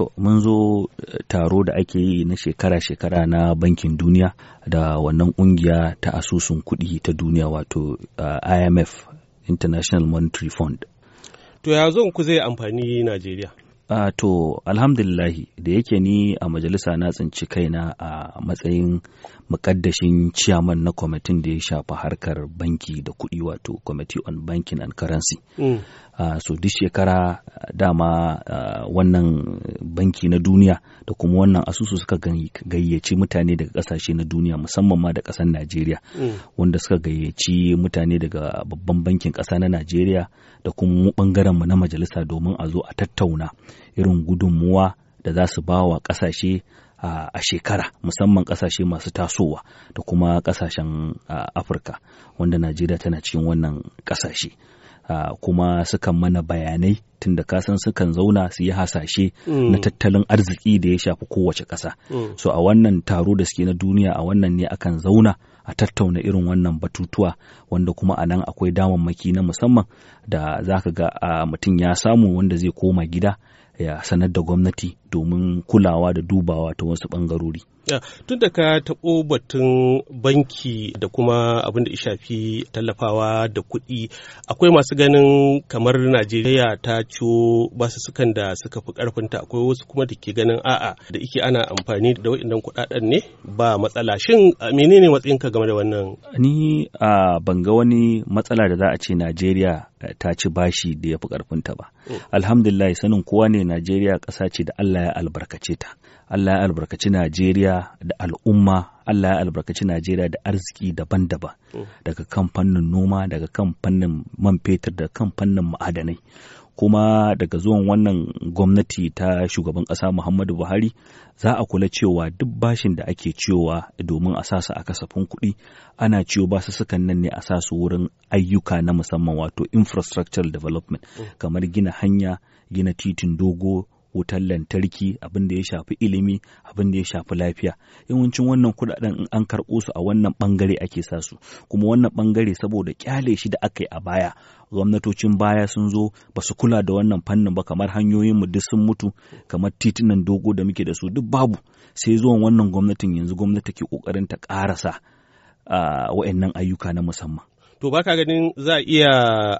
To, mun zo eh, taro da ake yi na shekara-shekara na bankin duniya da wannan ƙungiya ta asusun kuɗi ta duniya wato eh, IMF, International Monetary Fund. To, ya zo ku zai amfani Najeriya? Ah, to, alhamdulillahi da yake ni a majalisa na tsinci kaina a matsayin mukaddashin ciyaman na kwamitin da ya shafa harkar banki da kuɗi wato Committee on Banking and Currency. Mm. Ah, so, duk shekara dama wannan banki na duniya da kuma wannan asusu suka gayyaci mutane daga kasashe na duniya musamman ma da kasar najeriya mm. wanda suka gayyaci mutane daga babban bankin kasa na najeriya da kuma bangaren mu na majalisa domin a zo a tattauna irin gudunmuwa da za su ba wa kasashe a shekara musamman kasashe masu tasowa da kuma kasashen afirka wanda najeriya tana cikin wannan kasashe kuma sukan mana bayanai tun da kasan sukan zauna su yi hasashe na mm. tattalin arziki da ya shafi kowace ƙasa. Mm. So a wannan taro da suke na duniya a wannan ne akan zauna a tattauna irin wannan batutuwa wanda kuma a nan akwai damammaki na musamman da za ka ga mutum ya samu wanda zai koma gida ya sanar da gwamnati domin kulawa da dubawa ta wasu bangarori. Tun da ka taɓo batun banki da kuma abin da shafi tallafawa da kuɗi akwai masu ganin kamar Najeriya ta ciwo sukan da suka fi ƙarfinta akwai wasu kuma da ke ganin a'a da ike ana amfani da waɗannan kuɗaɗen ne ba matsala shin menene matsayinka game da wannan? Ni a banga wani matsala da za a ce Najeriya eh, ta ci bashi da ya fi ƙarfinta ba. Mm. Alhamdulillah sanin kowa ne Najeriya ƙasa ce da Allah Allah ya albarkace ta Allah ya albarkaci Najeriya da al'umma Allah ya albarkaci Najeriya da arziki daban-daban mm. daga kan fannin noma daga kan fannin man fetur da kan fannin ma'adanai kuma daga zuwan wannan gwamnati ta shugaban ƙasa Muhammadu Buhari za a kula cewa duk bashin da ake cewa domin a sasa a kasafin kuɗi ana ciwo su sukan nan ne a sasu wurin ayyuka na musamman wato infrastructural development mm. kamar gina hanya gina titin dogo wutar lantarki abin da ya shafi ilimi abin da ya shafi lafiya yawancin wannan kudaden in an karɓo su a wannan bangare ake sa su kuma wannan bangare saboda kyale shi da aka yi a baya gwamnatocin baya sun zo ba su kula da wannan fannin ba kamar hanyoyin mu duk sun mutu kamar titunan dogo da muke da su duk babu sai zuwan wannan gwamnatin yanzu gwamnati ke kokarin ta karasa wa'annan ayyuka na musamman to ba ka ganin za a iya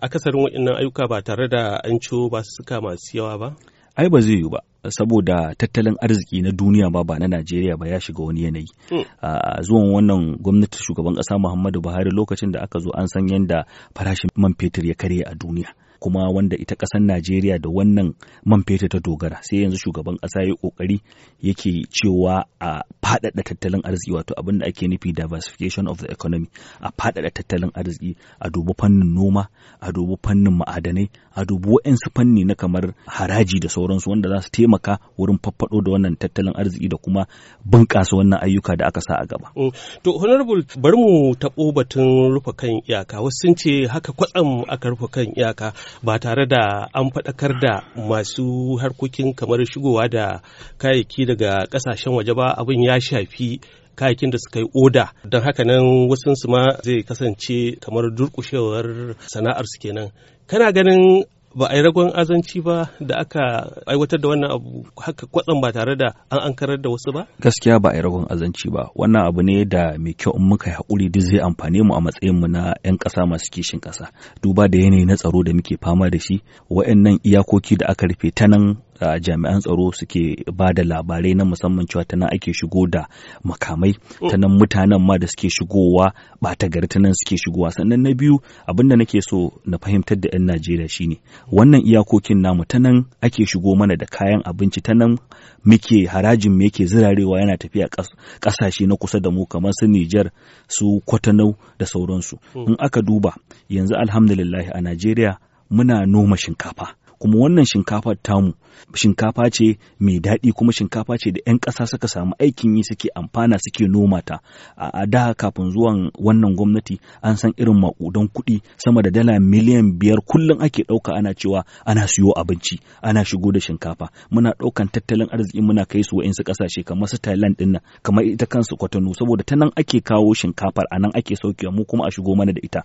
akasarin waɗannan ayyuka ba tare da an ciwo ba su suka masu yawa ba ai ba zai yiwu ba saboda tattalin arziki na duniya ba ba na Najeriya ba ya shiga wani yanayi. Hmm. A zuwan wannan gwamnati shugaban kasa Muhammadu Buhari lokacin da aka zo an san yadda farashin man fetur ya karye a duniya. kuma wanda ita ƙasar Najeriya da wannan man fetur ta dogara sai yanzu shugaban ƙasa ya ƙoƙari yake cewa a faɗaɗa tattalin arziki wato abin da ake nufi diversification of the economy a faɗaɗa tattalin arziki a dubi fannin noma a dubi fannin ma'adanai a dubi wa'ansu fanni na kamar haraji da sauransu wanda za su taimaka wurin faffaɗo da wannan tattalin arziki da kuma bunƙasa wannan ayyuka da aka sa a gaba. Oh, to honorable bari mu taɓo batun rufe kan iyaka wasu sun ce haka kwatsam aka rufe kan iyaka ba tare da an faɗakar da masu harkokin kamar shigowa da kayayyaki daga ƙasashen waje ba abin ya shafi kayakin da suka yi oda don haka nan wasunsu ma zai kasance kamar durƙushewar sana'ar su kenan kana ganin ba a yi ragon azanci ba da aka aiwatar da wannan abu haka kwatsam ba tare da an ankarar da wasu ba? Gaskiya ba a yi ragon azanci ba. Wannan abu ne da mai kyau in muka yi haƙuri duk zai amfane mu a matsayin mu na 'yan ƙasa masu kishin ƙasa. Duba da yanayi na tsaro da muke fama da shi, wa'annan iyakoki da aka rufe ta nan jami'an tsaro suke ba da labarai na musamman cewa ta ake shigo da makamai oh. ta nan mutanen ma da suke shigowa ba ta gari ta nan suke shigowa sannan na biyu abin da nake so na fahimtar da 'yan Najeriya shine wannan iyakokin namu ta nan ake shigo mana da kayan abinci ta nan muke harajin mu yake zirarewa yana tafiya ƙasashe na kusa da mu kamar su Nijar su Kwatanau da sauransu oh. in aka duba yanzu alhamdulillah a Najeriya muna noma shinkafa kuma wannan shinkafar tamu shinkafa ce mai daɗi kuma shinkafa ce da 'yan ƙasa suka samu aikin yi suke amfana suke noma ta a da kafin zuwan wannan gwamnati an san irin maƙudan kuɗi sama da dala miliyan biyar kullum ake ɗauka ana cewa ana siyo abinci ana shigo da shinkafa muna ɗaukan tattalin arziki muna kai su wa'insu ƙasashe kamar su Thailand ɗin kamar ita kansu Kwatano saboda ta nan ake kawo shinkafar a nan ake saukewa mu kuma a shigo mana da ita